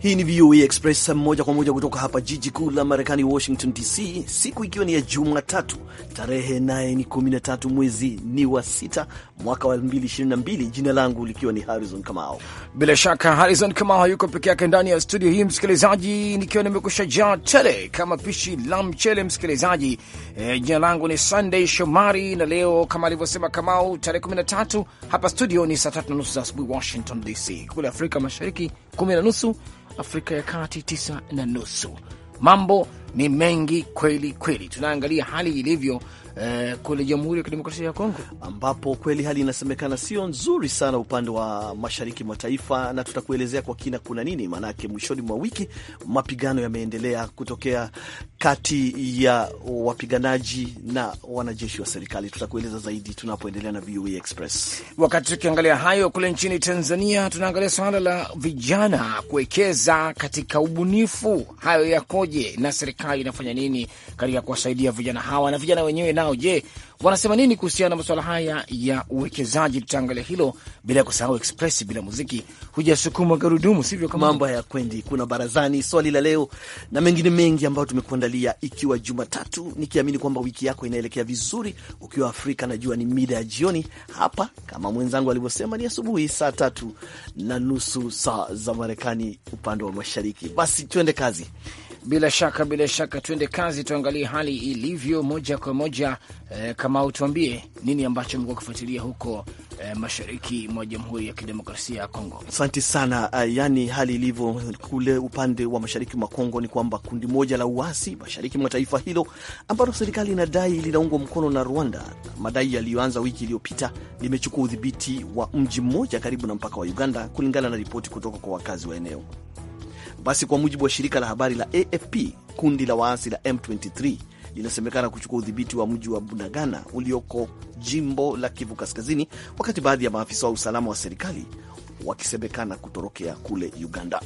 Hii ni VOA Express moja kwa moja kutoka hapa jiji kuu la Marekani, Washington DC, siku ikiwa ni ya Jumatatu tarehe naye ni 13 mwezi ni wa sita mwaka wa 2022, jina langu likiwa ni Harrison Kamao. Bila shaka Harrison Kamao hayuko peke yake ndani ya studio hii msikilizaji, nikiwa nimekusha jaa tele kama pishi la mchele msikilizaji. E, jina langu ni Sunday Shomari na leo kama alivyosema Kamau, tarehe 13 hapa studio ni saa nusu za asubuhi Washington DC, kule Afrika Mashariki kumi na nusu Afrika ya Kati tisa na nusu. Mambo ni mengi kweli kweli, tunaangalia hali ilivyo eh, kule Jamhuri ya Kidemokrasia ya Kongo, ambapo kweli hali inasemekana sio nzuri sana upande wa mashariki mwa taifa, na tutakuelezea kwa kina kuna nini, maanake mwishoni mwa wiki mapigano yameendelea kutokea kati ya wapiganaji na wanajeshi wa serikali. Tutakueleza zaidi tunapoendelea na VOA e Express. Wakati tukiangalia hayo kule nchini Tanzania, tunaangalia suala la vijana kuwekeza katika ubunifu. Hayo yakoje na serikali inafanya nini katika kuwasaidia vijana hawa na vijana wenyewe nao zao. Je, wanasema nini kuhusiana na masuala haya ya uwekezaji. Tutaangalia hilo bila ya kusahau Express. Bila muziki hujasukuma gurudumu, sivyo? Kama mambo hayakwendi, kuna barazani, swali la leo na mengine mengi ambayo tumekuandalia, ikiwa Jumatatu, nikiamini kwamba wiki yako inaelekea vizuri. Ukiwa Afrika najua ni mida ya jioni, hapa kama mwenzangu alivyosema ni asubuhi, saa tatu na nusu saa za Marekani upande wa mashariki. Basi tuende kazi. Bila shaka, bila shaka, tuende kazi, tuangalie hali ilivyo moja kwa moja eh, Kamau, tuambie nini ambacho mekuwa kufuatilia huko eh, mashariki mwa Jamhuri ya Kidemokrasia ya Kongo. Asante sana. Uh, yaani hali ilivyo kule upande wa mashariki mwa Kongo ni kwamba kundi moja la uasi mashariki mwa taifa hilo ambalo serikali inadai linaungwa mkono na Rwanda, madai yaliyoanza wiki iliyopita, limechukua udhibiti wa mji mmoja karibu na mpaka wa Uganda, kulingana na ripoti kutoka kwa wakazi wa eneo. Basi kwa mujibu wa shirika la habari la AFP, kundi la waasi la M23 linasemekana kuchukua udhibiti wa mji wa Bunagana ulioko jimbo la Kivu Kaskazini, wakati baadhi ya maafisa wa usalama wa serikali wakisemekana kutorokea kule Uganda.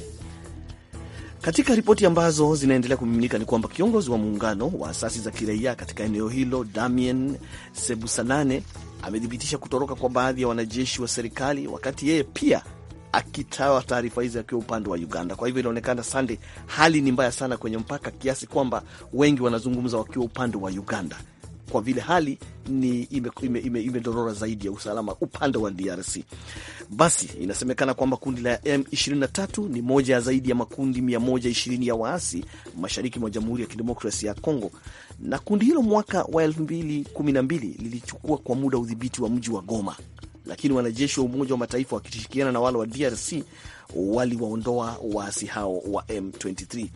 Katika ripoti ambazo zinaendelea kumiminika ni kwamba kiongozi wa muungano wa asasi za kiraia katika eneo hilo Damien Sebusanane amethibitisha kutoroka kwa baadhi ya wanajeshi wa serikali, wakati yeye pia akitawa taarifa hizi akiwa upande wa Uganda. Kwa hivyo inaonekana Sande, hali ni mbaya sana kwenye mpaka kiasi kwamba wengi wanazungumza wakiwa upande wa Uganda kwa vile hali ni imedorora ime, ime, ime zaidi ya usalama upande wa DRC. Basi inasemekana kwamba kundi la M23 ni moja ya zaidi ya makundi 120 ya waasi mashariki mwa Jamhuri ya Kidemokrasia ya Kongo, na kundi hilo mwaka wa 2012 lilichukua kwa muda udhibiti wa mji wa Goma lakini wanajeshi wa Umoja wa Mataifa wakishirikiana na wale wa DRC waliwaondoa waasi hao wa M23,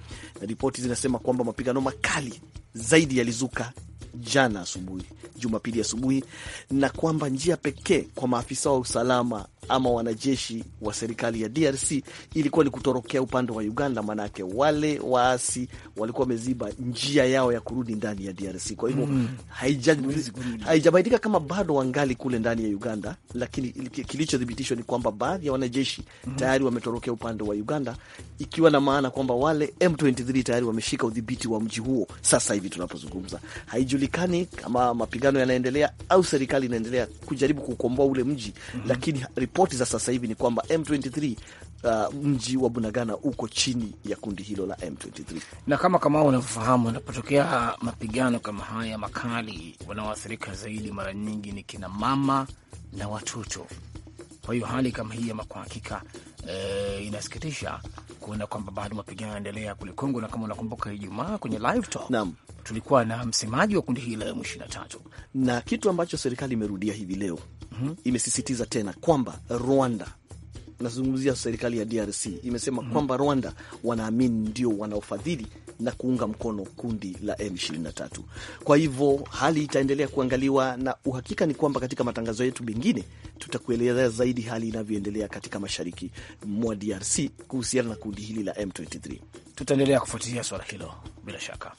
na ripoti zinasema kwamba mapigano makali zaidi yalizuka jana asubuhi, Jumapili asubuhi, na kwamba njia pekee kwa maafisa wa usalama ama wanajeshi wa serikali ya DRC ilikuwa ni kutorokea upande wa Uganda, maanake wale waasi walikuwa wameziba njia yao ya kurudi ndani ya DRC. Kwa hivyo mm, haijabaidika kama bado wangali kule ndani ya Uganda, lakini kilichothibitishwa ni kwamba baadhi ya wanajeshi mm, tayari wametorokea upande wa Uganda, ikiwa na maana kwamba wale M23 tayari wameshika udhibiti wa mji huo sasa hivi tunapozungumza. Haijulikani kama mapigano yanaendelea au serikali inaendelea kujaribu kukomboa ule mji mm lakini ripoti za sasa hivi ni kwamba M23 uh, mji wa Bunagana uko chini ya kundi hilo la M23. Na kama kama unavyofahamu, unapotokea mapigano kama haya makali, wanaoathirika zaidi mara nyingi ni kina mama na watoto kwa hiyo hali kama hii ama kwa hakika e, inasikitisha kuona kwamba bado mapigano yanaendelea kule Kongo, na kama unakumbuka Ijumaa kwenye live talk naam, tulikuwa na msemaji wa kundi hili la M23 na kitu ambacho serikali imerudia hivi leo mm -hmm. imesisitiza tena kwamba Rwanda nazungumzia serikali ya DRC imesema mm -hmm. kwamba Rwanda wanaamini ndio wanaofadhili na kuunga mkono kundi la M23. Kwa hivyo hali itaendelea kuangaliwa, na uhakika ni kwamba katika matangazo yetu mengine tutakueleza zaidi hali inavyoendelea katika mashariki mwa DRC kuhusiana na kundi hili la M23. Tutaendelea kufuatilia swala hilo bila shaka.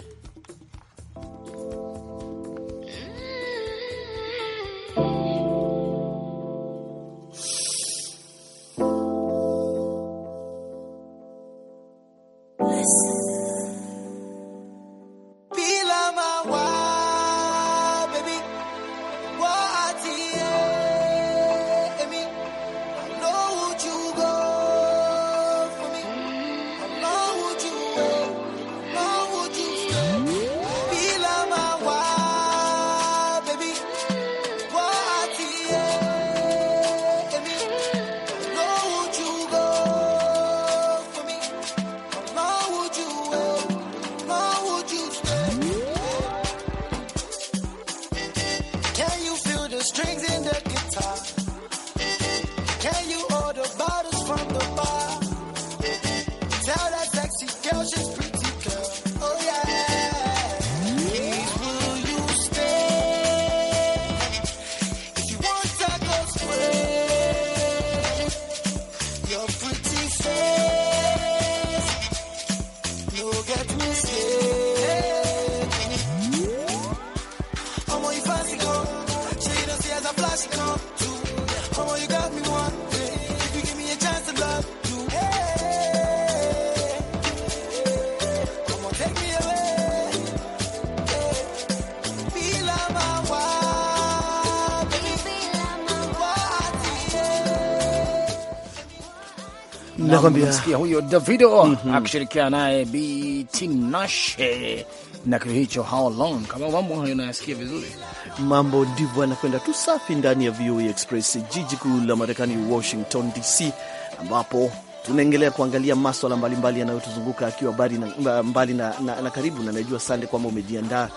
nakwambia huyo Davido mm -hmm. akishirikiana naye Tinashe na kitu hicho how long. Kama mambo hayo nayasikia vizuri, mambo ndivyo anakwenda tu. Safi ndani ya VOA e Express, jiji kuu la Marekani, Washington DC, ambapo tunaendelea kuangalia maswala mbalimbali yanayotuzunguka akiwa mbali na, mbali na, na, na karibu. Na najua Sande kwamba umejiandaa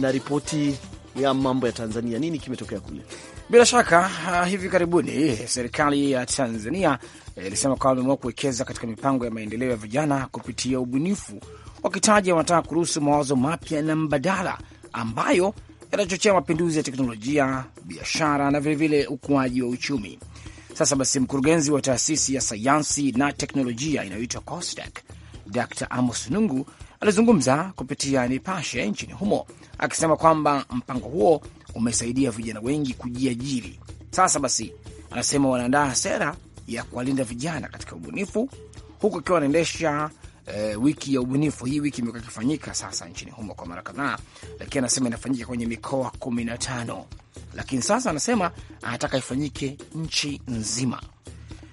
na ripoti ya mambo ya Tanzania. Nini kimetokea kule? Bila shaka uh, hivi karibuni serikali ya Tanzania Eh, ilisema kwamba wameamua kuwekeza katika mipango ya maendeleo ya vijana kupitia ubunifu, wakitaja wanataka kuruhusu mawazo mapya na mbadala ambayo yatachochea mapinduzi ya teknolojia, biashara na vilevile ukuaji wa uchumi. Sasa basi, mkurugenzi wa taasisi ya sayansi na teknolojia inayoitwa COSTECH Dr Amos Nungu alizungumza kupitia Nipashe nchini humo akisema kwamba mpango huo umesaidia vijana wengi kujiajiri. Sasa basi, anasema wanaandaa sera ya kuwalinda vijana katika ubunifu, huku akiwa anaendesha e, wiki ya ubunifu. Hii wiki imekuwa ikifanyika sasa nchini humo kwa mara kadhaa, lakini anasema inafanyika kwenye mikoa kumi na tano, lakini sasa anasema anataka ifanyike nchi nzima.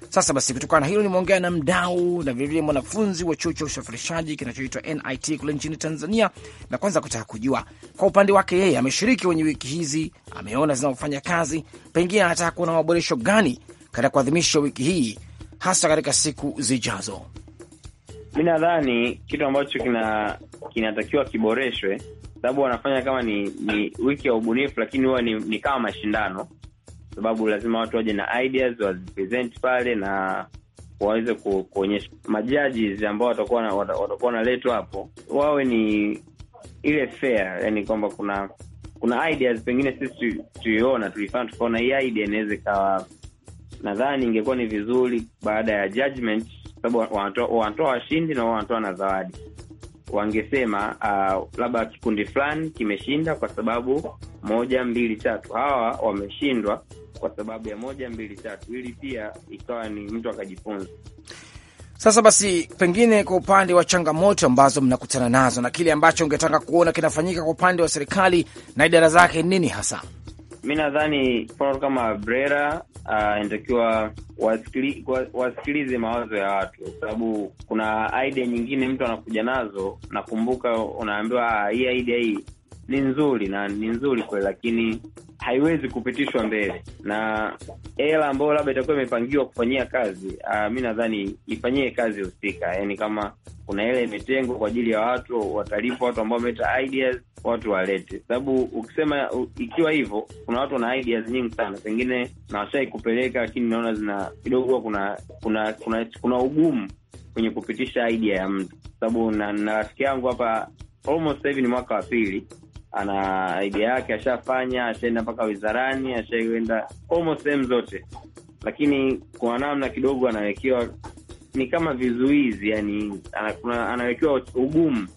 Sasa basi, kutokana na hilo nimeongea na mdau na vilevile mwanafunzi wa chuo cha usafirishaji kinachoitwa NIT kule nchini Tanzania, na kwanza kutaka kujua kwa upande wake yeye ameshiriki kwenye wiki hizi, ameona zinavyofanya kazi, pengine anataka kuona maboresho gani katika kuadhimisha wiki hii hasa katika siku zijazo? Mi nadhani kitu ambacho kina kinatakiwa kiboreshwe, sababu wanafanya kama ni, ni wiki ya ubunifu, lakini huwa ni, ni kama mashindano, sababu lazima watu waje na ideas wazipresent pale na waweze kuonyesha majaji ambao watakuwa watakuwa wanaletwa hapo, wawe ni ile fair, yani kwamba kuna kuna ideas pengine sisi tuiona tulifanya tukaona hii idea inaweza ikawa nadhani ingekuwa ni vizuri baada ya judgment, sababu wanatoa washindi na wanatoa na zawadi, wangesema uh, labda kikundi fulani kimeshinda kwa sababu moja mbili tatu, hawa wameshindwa kwa sababu ya moja mbili tatu, ili pia ikawa ni mtu akajifunza. Sasa basi, pengine kwa upande wa changamoto ambazo mnakutana nazo na kile ambacho ungetaka kuona kinafanyika kwa upande wa serikali na idara zake, nini hasa? mi nadhani watu kama Brera uh, inatakiwa wasikilize mawazo ya watu, kwa sababu kuna idea nyingine mtu anakuja nazo. Nakumbuka unaambiwa ah, hii idea hii ni nzuri na ni nzuri kweli, lakini haiwezi kupitishwa mbele na hela ambayo labda itakuwa imepangiwa kufanyia kazi. Ah, mi nadhani ifanyie kazi husika, yani kama kuna hela imetengwa kwa ajili ya watu watalipwa, watu ambao wameleta ideas watu walete, sababu ukisema ikiwa hivyo, kuna watu wana ideas nyingi sana, pengine na washai kupeleka, lakini naona zina kidogo, kuna kuna kuna kuna ugumu kwenye kupitisha idea ya mtu, sababu na rafiki yangu hapa almost sahivi hivi ni mwaka wa pili ana idea yake, ashafanya, ashaenda mpaka wizarani, ashaenda almost sehemu zote, lakini kwa namna kidogo anawekewa ni kama vizuizi, yani anawekewa ugumu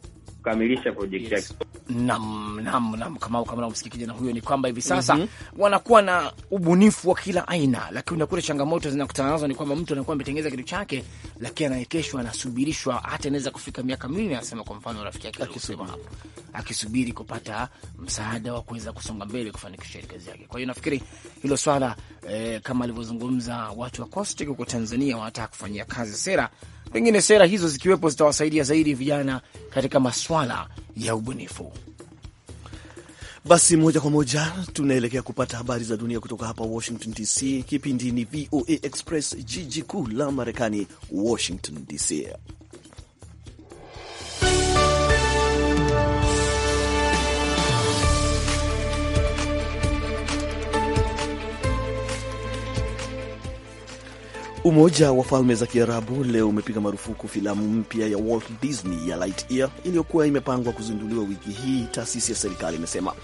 kukamilisha project yake. Naam, naam, naam, kama kama unamsikia kijana huyo ni kwamba hivi sasa mm -hmm. wanakuwa na ubunifu wa kila aina, lakini unakuta changamoto zinakutana nazo ni kwamba mtu anakuwa ametengeneza kitu chake, lakini anaekeshwa, anasubirishwa, hata anaweza kufika miaka miwili. Anasema kwa mfano rafiki yake akisema hapo, akisubiri kupata msaada wa kuweza kusonga mbele kufanikisha kazi yake. Kwa hiyo nafikiri hilo swala eh, kama alivyozungumza watu wa Coastic huko Tanzania wanataka kufanyia kazi sera pengine sera hizo zikiwepo zitawasaidia zaidi vijana katika maswala ya ubunifu. Basi moja kwa moja tunaelekea kupata habari za dunia kutoka hapa Washington DC. Kipindi ni VOA Express, jiji kuu la Marekani, Washington DC. Umoja wa Falme za Kiarabu leo umepiga marufuku filamu mpya ya Walt Disney ya Lightyear iliyokuwa imepangwa kuzinduliwa wiki hii, taasisi ya serikali imesema.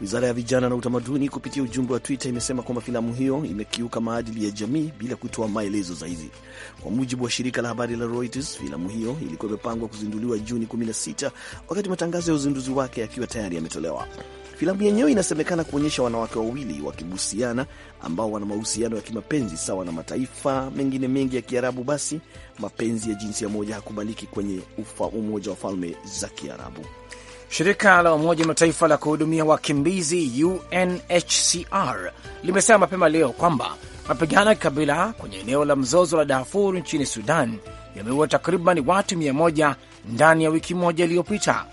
Wizara ya Vijana na Utamaduni kupitia ujumbe wa Twitter imesema kwamba filamu hiyo imekiuka maadili ya jamii bila kutoa maelezo zaidi. Kwa mujibu wa shirika la habari la Reuters, filamu hiyo ilikuwa imepangwa kuzinduliwa Juni 16 wakati matangazo ya uzinduzi wake yakiwa tayari yametolewa. Filamu yenyewe inasemekana kuonyesha wanawake wawili wakibusiana ambao wana mahusiano ya kimapenzi sawa na mataifa mengine mengi ya Kiarabu. Basi mapenzi ya jinsia moja hakubaliki kwenye ufa Umoja wa Falme za Kiarabu. Shirika la Umoja Mataifa la kuhudumia wakimbizi UNHCR limesema mapema leo kwamba mapigano ya kikabila kwenye eneo la mzozo la Darfur nchini Sudan yameua takriban watu 1 ndani ya wiki moja iliyopita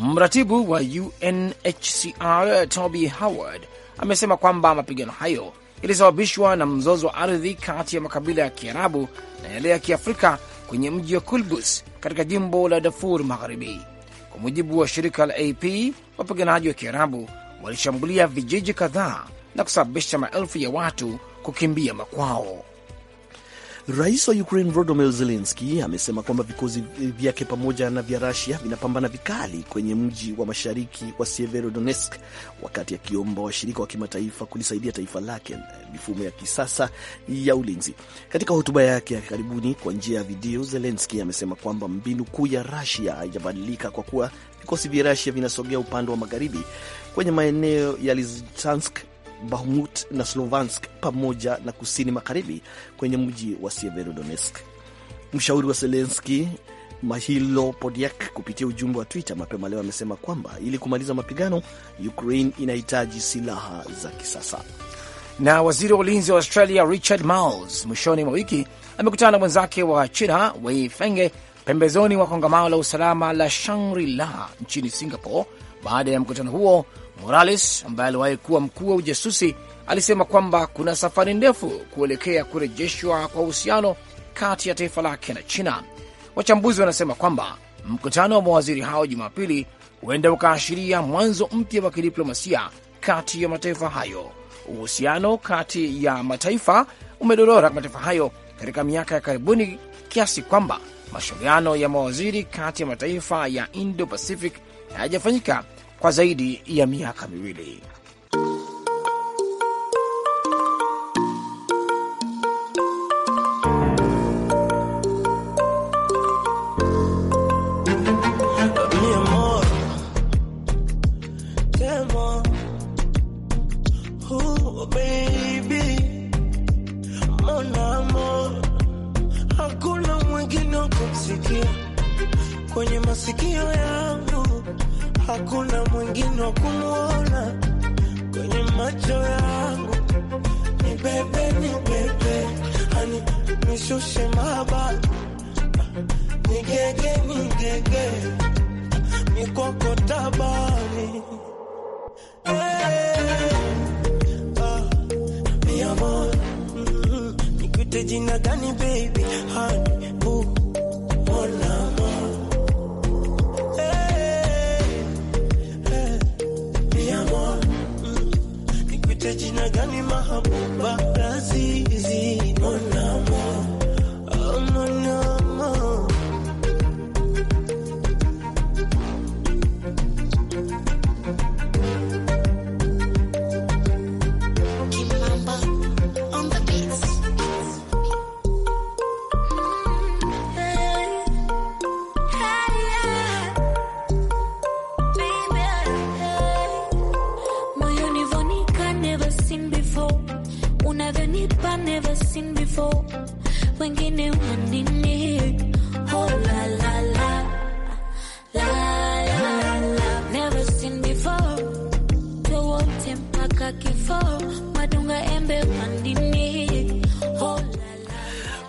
Mratibu wa UNHCR Toby Howard amesema kwamba mapigano hayo yalisababishwa na mzozo wa ardhi kati ya makabila ya Kiarabu na yale ya Kiafrika kwenye mji wa Kulbus katika jimbo la Darfur Magharibi. Kwa mujibu wa shirika la AP, wapiganaji wa Kiarabu walishambulia vijiji kadhaa na kusababisha maelfu ya watu kukimbia makwao. Rais wa Ukraine Volodymyr Zelensky amesema kwamba vikosi vyake pamoja na vya rasia vinapambana vikali kwenye mji wa mashariki wa Severodonetsk, wakati akiomba washirika wa kimataifa kulisaidia taifa lake eh, mifumo ya kisasa ya ulinzi. Katika hotuba yake ya karibuni kwa njia ya video, Zelensky amesema kwamba mbinu kuu ya rasia haijabadilika kwa kuwa vikosi vya rasia vinasogea upande wa magharibi kwenye maeneo ya Lizansk Bahmut na Slovansk pamoja na kusini magharibi kwenye mji wa Severodonetsk. Mshauri wa Zelenski Mahilo Podiak kupitia ujumbe wa Twitter mapema leo amesema kwamba ili kumaliza mapigano Ukraine inahitaji silaha za kisasa. Na waziri wa ulinzi wa Australia Richard Marles mwishoni mwa wiki amekutana na mwenzake wa China Wei Fenge pembezoni mwa kongamano la usalama la Shangri-La nchini Singapore. Baada ya mkutano huo Morales ambaye aliwahi kuwa mkuu wa ujasusi alisema kwamba kuna safari ndefu kuelekea kurejeshwa kwa uhusiano kati ya taifa lake na China. Wachambuzi wanasema kwamba mkutano wa mawaziri hao Jumapili huenda ukaashiria mwanzo mpya wa kidiplomasia kati ya mataifa hayo. Uhusiano kati ya mataifa umedorora mataifa hayo katika miaka ya karibuni kiasi kwamba mashauriano ya mawaziri kati ya mataifa ya Indo Pacific hayajafanyika kwa zaidi ya miaka miwili.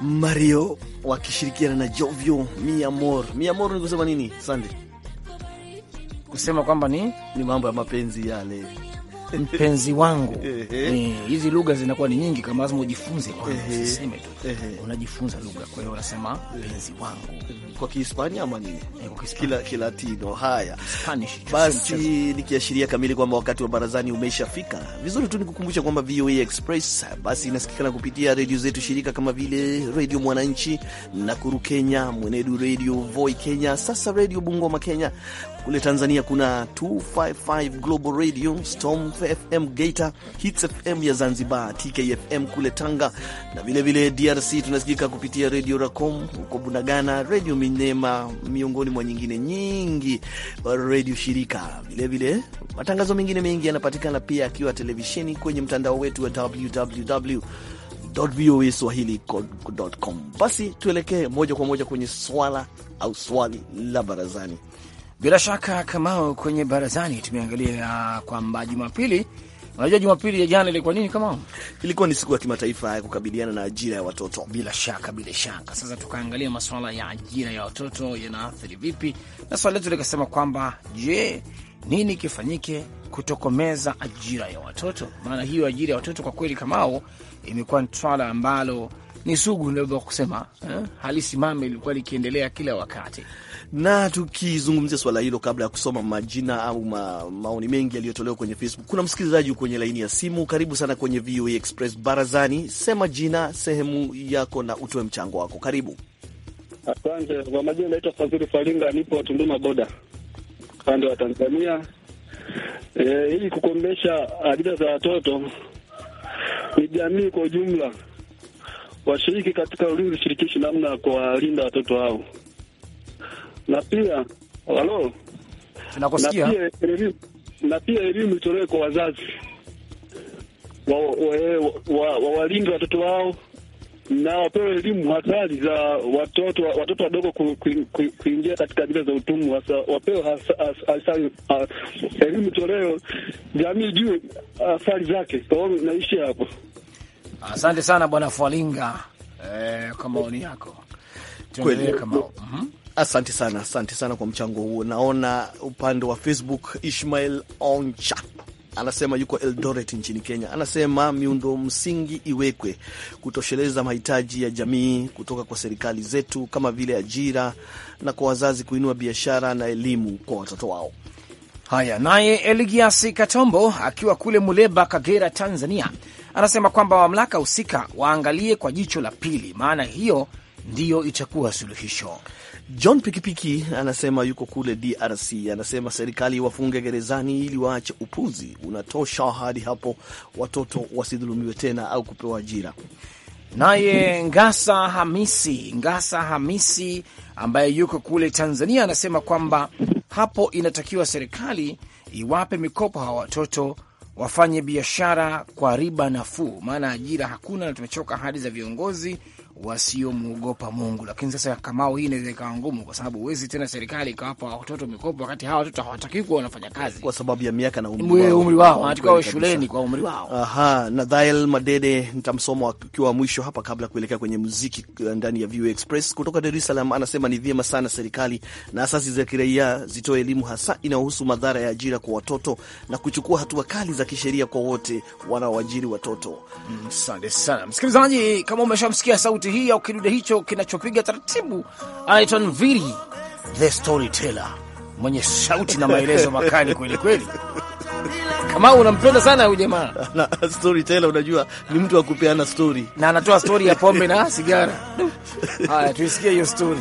Mario wakishirikiana na Jovio Miamor. Miamor ni kusema nini? sandi kusema kwamba ni ni mambo ya mapenzi yale mpenzi wangu. Eh, hizi lugha zinakuwa ni nyingi, kama lazima ujifunze kwanza, tu unajifunza lugha. Kwa hiyo unasema mpenzi wangu kwa Kihispania ama nini, eh, kila Kilatino. Haya basi, nikiashiria kamili kwamba wakati wa barazani umeshafika. Vizuri tu nikukumbusha kwamba VOA Express basi inasikikana kupitia redio zetu shirika kama vile Redio Mwananchi, Nakuru Kenya, Mwenedu Redio Voi Kenya, sasa Redio Bungoma Kenya, kule Tanzania kuna 255 Global Radio, Storm FM, Geita Hits FM ya Zanzibar, TKFM kule Tanga, na vilevile DRC tunasikika kupitia Radio Racom huko Bunagana, Radio Minema, miongoni mwa nyingine nyingi, radio shirika. Vilevile matangazo mengine mengi yanapatikana pia akiwa televisheni kwenye mtandao wetu wa www voaswahili.com. Basi tuelekee moja kwa moja kwenye swala au swali la barazani. Bila shaka Kamao, kwenye barazani tumeangalia kwamba Jumapili, unajua Jumapili ya jana ilikuwa nini Kamao? Ilikuwa ni siku ya kimataifa ya kukabiliana na ajira ya watoto. Bila shaka, bila shaka. Sasa tukaangalia masuala ya ajira ya watoto yanaathiri vipi, na swali letu likasema kwamba je, nini kifanyike kutokomeza ajira ya watoto? Maana hiyo ajira ya watoto kwa kweli, Kamao, imekuwa ni swala ambalo ni sugu, naweza kusema eh, halisimame, ilikuwa likiendelea kila wakati na tukizungumzia swala hilo, kabla ya kusoma majina au ma, maoni mengi yaliyotolewa kwenye Facebook, kuna msikilizaji kwenye laini ya simu. Karibu sana kwenye VOA Express barazani, sema jina, sehemu yako na utoe mchango wako. Karibu. Asante kwa majina, naitwa Fadhili Faringa, nipo Tunduma boda upande wa Tanzania. E, ili kukombesha ajira za watoto ni jamii kwa ujumla washiriki katika ulinzi shirikishi, namna ya kuwalinda watoto hao na pia halo, tunakusikia. Na pia elimu itolewe kwa wazazi wa, wa, wa, wa watoto wao na wapewe elimu hatari za watoto watoto wadogo kuingia ku, ku, katika bila za utumwa. Hasa wapewe elimu toleo, jamii juu athari zake. Naishi hapo. Asante sana Bwana Fwalinga eh, kwa maoni yako. Tuendelee kama mm -hmm. Asante sana, asante sana kwa mchango huo. Naona upande wa Facebook Ishmael Oncha anasema yuko Eldoret nchini Kenya. Anasema miundo msingi iwekwe kutosheleza mahitaji ya jamii kutoka kwa serikali zetu, kama vile ajira na kwa wazazi kuinua biashara na elimu kwa watoto wao. Haya, naye Eligias Katombo akiwa kule Muleba, Kagera, Tanzania, anasema kwamba mamlaka husika waangalie kwa jicho la pili, maana hiyo ndiyo itakuwa suluhisho. John Pikipiki anasema yuko kule DRC, anasema serikali wafunge gerezani ili waache upuzi, unatosha hadi hapo, watoto wasidhulumiwe tena au kupewa ajira. Naye Ngasa Hamisi, Ngasa Hamisi ambaye yuko kule Tanzania anasema kwamba hapo inatakiwa serikali iwape mikopo hawa watoto wafanye biashara kwa riba nafuu, maana ajira hakuna na tumechoka ahadi za viongozi wasiomwogopa Mungu. Lakini sasa kamao hii inaweza ikawa ngumu, kwa sababu huwezi tena serikali ikawapa watoto mikopo wakati hawa watoto hawataki kuwa wanafanya kazi kwa sababu ya miaka na umri wao, wanatakiwa wawe shuleni kwa umri wao. Aha, Nadhael Madede nitamsoma akiwa mwisho hapa kabla ya kuelekea kwenye muziki eh, ndani ya VOA Express kutoka Dar es Salaam. Anasema ni vyema sana serikali na asasi za kiraia zitoe elimu hasa inayohusu madhara ya ajira kwa watoto na kuchukua hatua kali za kisheria kwa wote wanaoajiri watoto. Mm, asante mm, sana msikilizaji, kama umeshamsikia sauti sauti hii au kidude hicho kinachopiga taratibu anaitwa Nviri the storyteller, mwenye sauti na maelezo makali kweli kweli. Kama unampenda sana huyu jamaa storyteller, unajua ni mtu wa kupeana story na anatoa story ya pombe na sigara. Haya, tuisikie hiyo story.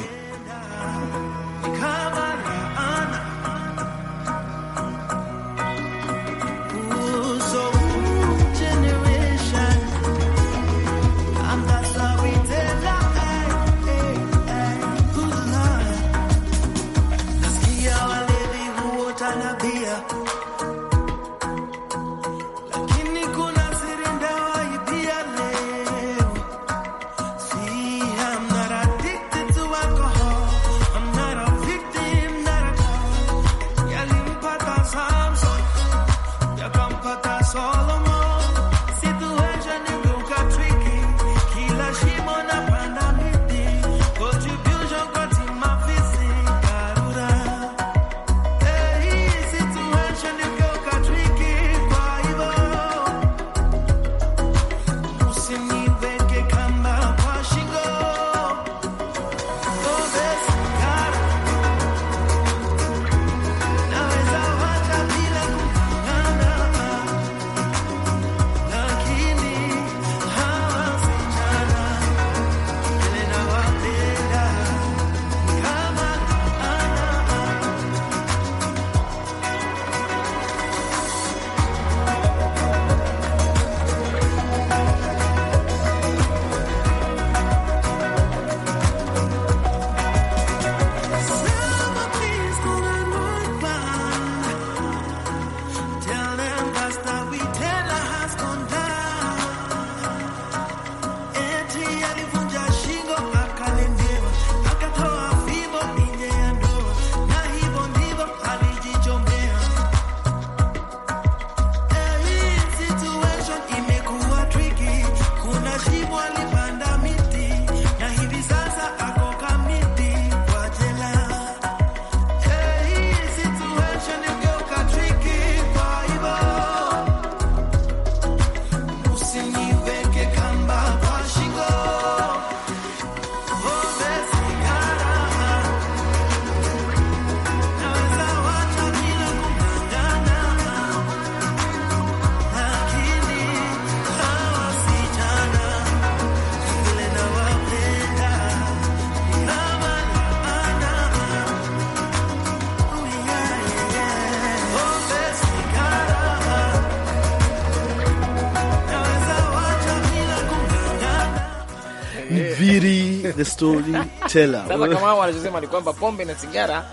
storyteller. Sasa kama wanachosema ni kwamba pombe na sigara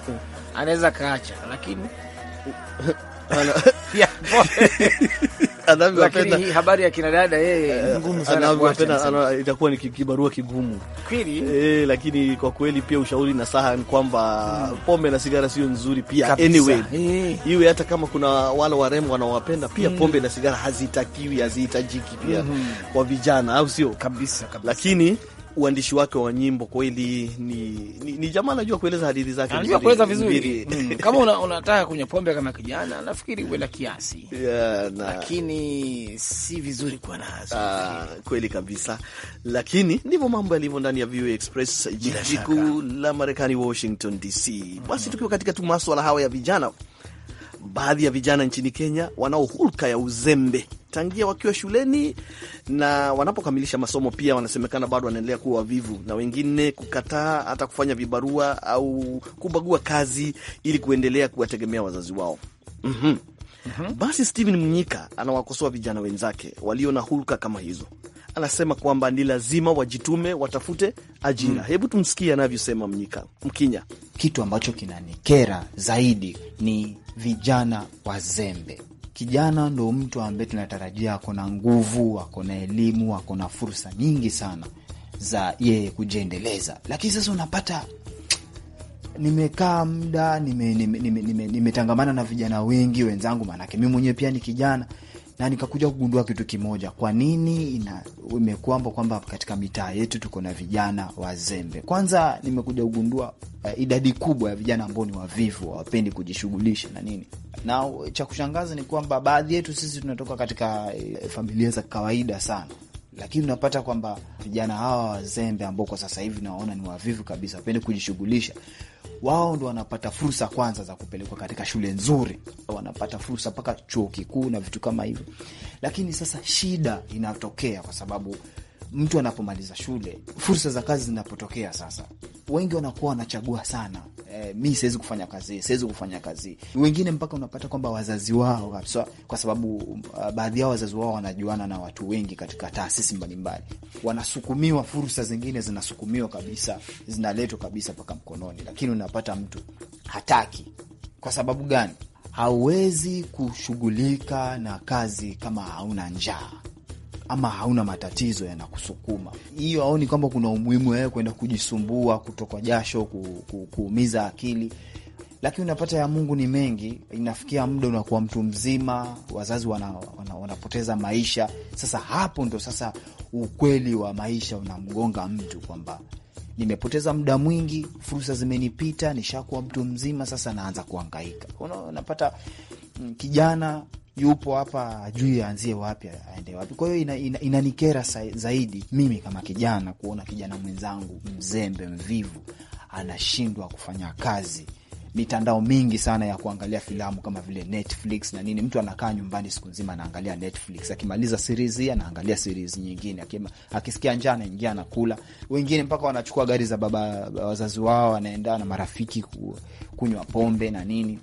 anaweza kaacha, lakini anavyopenda habari ya kina dada yeye eh, ngumu sana anavyopenda, itakuwa ni kibarua kigumu kweli eh, lakini kwa kweli pia ushauri na saha ni kwamba hmm, pombe na sigara sio nzuri pia kabisa. Anyway hey, eh. iwe hata kama kuna wale warembo wanaowapenda pia hmm, pombe na sigara hazitakiwi hazihitajiki pia -hmm, kwa vijana au sio? Kabisa, kabisa. Lakini uandishi wake wa nyimbo kweli ni, ni, ni jamaa anajua kueleza hadithi zake, anajua kueleza vizuri mm. Kama una, unataka kunywa pombe kama kijana, nafikiri kwenda kiasi yeah, na, lakini si vizuri kuwa nazo ah, kweli kabisa, lakini ndivyo mambo yalivyo ndani ya VOA Express, jiji kuu la Marekani, Washington DC. Basi mm. tukiwa katika tu maswala hawa ya vijana baadhi ya vijana nchini Kenya wanao hulka ya uzembe tangia wakiwa shuleni na wanapokamilisha masomo pia wanasemekana bado wanaendelea kuwa wavivu, na wengine kukataa hata kufanya vibarua au kubagua kazi ili kuendelea kuwategemea wazazi wao. mm -hmm. Mm -hmm. Basi Steven Mnyika anawakosoa vijana wenzake walio na hulka kama hizo anasema kwamba ni lazima wajitume, watafute ajira mm. Hebu tumsikie anavyosema Mnyika Mkinya. Kitu ambacho kinanikera zaidi ni vijana wazembe. Kijana ndo mtu ambaye tunatarajia ako na nguvu, ako na elimu, ako na fursa nyingi sana za yeye kujiendeleza, lakini sasa unapata nimekaa muda nimetangamana nime, nime, nime na vijana wengi wenzangu, maanake mi mwenyewe pia ni kijana na nikakuja kugundua kitu kimoja. Kwa nini imekuamba kwamba katika mitaa yetu tuko na vijana wazembe? Kwanza nimekuja kugundua uh, idadi kubwa ya vijana ambao ni wavivu, hawapendi kujishughulisha na nini, na cha kushangaza ni kwamba baadhi yetu sisi tunatoka katika uh, familia za kawaida sana lakini unapata kwamba vijana hawa wazembe ambao kwa sasa hivi nawaona ni wavivu kabisa, wapende kujishughulisha, wao ndo wanapata fursa kwanza za kupelekwa katika shule nzuri, wanapata fursa mpaka chuo kikuu na vitu kama hivyo. Lakini sasa shida inatokea kwa sababu mtu anapomaliza shule, fursa za kazi zinapotokea sasa, wengi wanakuwa wanachagua sana e, mi siwezi kufanya kazi, siwezi kufanya kazi. Wengine mpaka unapata kwamba wazazi wao kabisa, kwa sababu uh, baadhi yao wazazi wao wanajuana na watu wengi katika taasisi mbalimbali, wanasukumiwa, fursa zingine zinasukumiwa kabisa, zinaletwa kabisa mpaka mkononi, lakini unapata mtu hataki. Kwa sababu gani? Hauwezi kushughulika na kazi kama hauna njaa ama hauna matatizo yanakusukuma. Hiyo aoni kwamba kuna umuhimu wewe kwenda kujisumbua, kutokwa jasho, kuumiza akili lakini unapata ya Mungu ni mengi. Inafikia muda unakuwa mtu mzima, wazazi wana, wana, wanapoteza maisha. Sasa hapo ndo sasa ukweli wa maisha unamgonga mtu kwamba nimepoteza muda mwingi, fursa zimenipita, nishakuwa mtu mzima, sasa naanza kuangaika Unapata mm, kijana yupo hapa, ajui aanzie wapi, aende wapi. Kwa hiyo inanikera ina, ina zaidi mimi kama kijana kuona kijana mwenzangu mzembe, mvivu, anashindwa kufanya kazi mitandao mingi sana ya kuangalia filamu kama vile Netflix na nini. Mtu anakaa nyumbani siku nzima anaangalia Netflix, akimaliza series hii anaangalia series nyingine, akisikia njaa anaingia anakula. Wengine mpaka wanachukua gari za baba wazazi wao, wanaenda na marafiki kunywa pombe na nini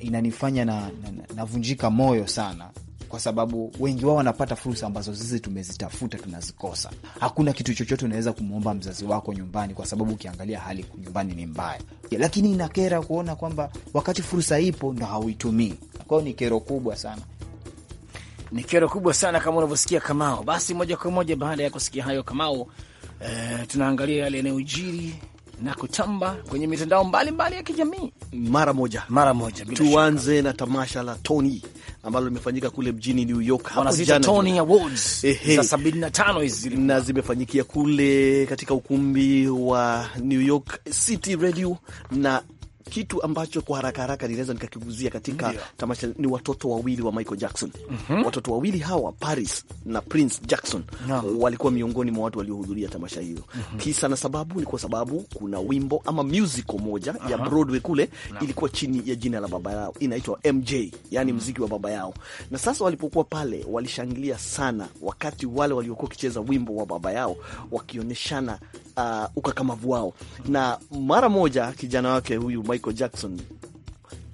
inanifanya na, navunjika na moyo sana kwa sababu wengi wao wanapata fursa ambazo sisi tumezitafuta tunazikosa. Hakuna kitu chochote unaweza kumwomba mzazi wako nyumbani, kwa sababu ukiangalia hali nyumbani ni mbaya, lakini inakera kuona kwamba wakati fursa ipo ndo hauitumii. Kwao ni kero kubwa sana, ni kero kubwa sana kama unavyosikia Kamao. Basi moja kwa moja baada ya kusikia hayo Kamao, eh, tunaangalia yale yanayojiri na kutamba kwenye mitandao mbalimbali ya kijamii mara moja mara moja. Tuanze na tamasha la Tony ambalo limefanyika kule mjini New York hapo jana, Tony Awards za 75 hizi na zimefanyikia kule katika ukumbi wa New York City Radio na kitu ambacho kwa haraka haraka ninaweza nikakiguzia katika yeah. tamasha ni watoto wawili wa Michael Jackson. mm -hmm. Watoto wawili hawa Paris na Prince Jackson no. walikuwa miongoni mwa watu waliohudhuria tamasha hiyo mm -hmm. Kisa na sababu ni kwa sababu kuna wimbo ama musical moja uh -huh. ya Broadway kule no. ilikuwa chini ya jina la baba yao, inaitwa MJ, yani mhm. mziki wa baba yao. Na sasa walipokuwa pale walishangilia sana, wakati wale waliokuwa wakicheza wimbo wa baba yao wakionyeshana uh, ukakamavu wao, mhm. na mara moja kijana wake huyu Michael Jackson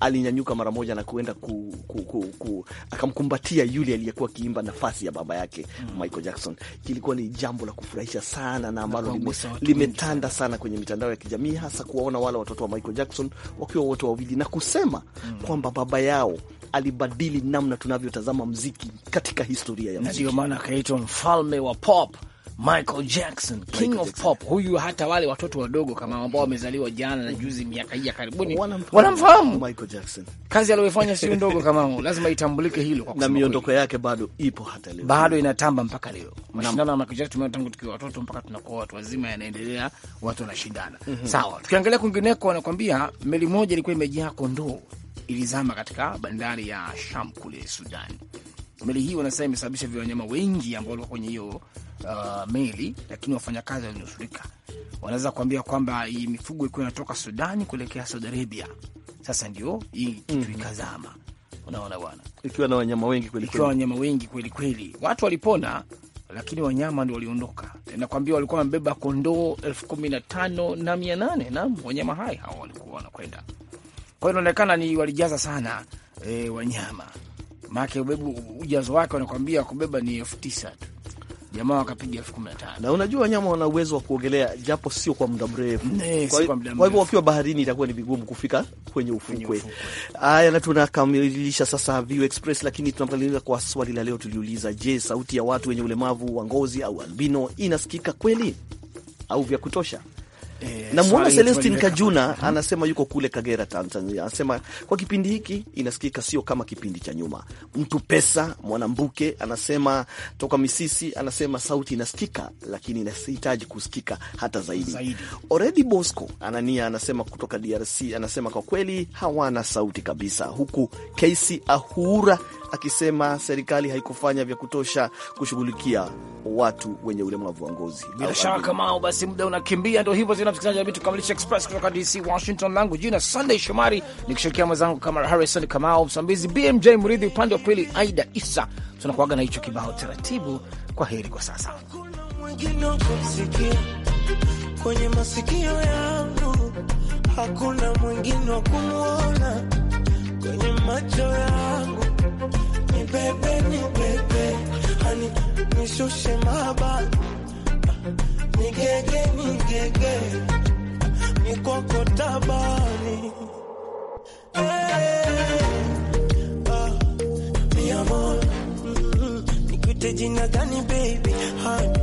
alinyanyuka mara moja na kuenda ku, ku, ku, ku, akamkumbatia yule aliyekuwa akiimba nafasi ya baba yake mm. Michael Jackson. Kilikuwa ni jambo la kufurahisha sana na ambalo lime, limetanda sana kwenye mitandao ya kijamii, hasa kuwaona wale watoto wa Michael Jackson wakiwa wote wawili na kusema mm. kwamba baba yao alibadili namna tunavyotazama mziki katika historia ya mziki, ndio maana akaitwa mfalme wa pop Michael Jackson, King Michael of Jackson. Pop. Huyu hata wale watoto wadogo kama ambao wamezaliwa jana na juzi, miaka hii ya karibuni, wanamfahamu Michael Jackson. Kazi aliyofanya sio ndogo kama huo. lazima itambulike hilo, kwa kusema. na miondoko yake bado ipo hata leo, bado inatamba mpaka leo. Mashindano ya Michael Jackson tumeona tangu tukiwa watoto mpaka tunakuwa watu wazima, yanaendelea, watu wanashindana. mm -hmm. Sawa, tukiangalia kwingineko, wanakwambia meli moja ilikuwa imejaa kondoo ilizama katika bandari ya Sham kule Sudan meli hii wanasema imesababisha vya wanyama wengi ambao walikuwa kwenye hiyo uh, meli, lakini wafanyakazi walinusurika. Wanaweza kuambia kwamba hii mifugo ilikuwa inatoka Sudani kuelekea Saudi Arabia, sasa ndio hii kitu mm -hmm. ikazama Unaona bwana, ikiwa na wanyama wengi kweli, ikiwa wanyama wengi kweli kweli. Watu walipona, lakini wanyama ndio waliondoka. Nakwambia walikuwa wamebeba kondoo elfu kumi na tano na mia nane na wanyama hai hawa walikuwa wanakwenda. Kwa hiyo inaonekana ni walijaza sana e, wanyama maake ujazo wake wanakwambia kubeba ni elfu tisa tu jamaa wakapiga elfu kumi na tano na unajua wanyama wana uwezo wa kuogelea japo sio kwa muda mrefu. Kwa hivyo wakiwa baharini itakuwa ni vigumu kufika kwenye ufukwe. Haya, na tunakamilisha sasa View Express, lakini tunamaliza kwa swali la leo. Tuliuliza, je, sauti ya watu wenye ulemavu wa ngozi au albino inasikika kweli au vya kutosha? Eh, namwona Celestin Kajuna hmm? anasema yuko kule Kagera, Tanzania. Anasema kwa kipindi hiki inasikika sio kama kipindi cha nyuma. Mtu pesa mwanambuke anasema toka Misisi, anasema sauti inasikika lakini inahitaji kusikika hata zaidi. Oredi Bosco Anania anasema kutoka DRC, anasema kwa kweli hawana sauti kabisa, huku Kesi Ahura akisema serikali haikufanya vya kutosha kushughulikia watu wenye ulemavu wa ngozi. Bila shaka mao, basi muda unakimbia. ndo hivyo zina msikilizaji, nabidi tukamilisha Express kutoka DC Washington, langu jina Sunday Shomari, nikishirikiana mwenzangu kama Harrison Kamao, msambizi BMJ Mridhi, upande wa pili Aida Isa. Tunakuaga na hicho kibao taratibu. Kwa heri kwa sasa kwenye masikio yangu hakuna mwingine wa kumwona kwenye macho yangu nibebe nibebe, hani nishushe maba, nigege nigege, nikwako tabani hey, eh, ah, mm-hmm. jina gani baby hani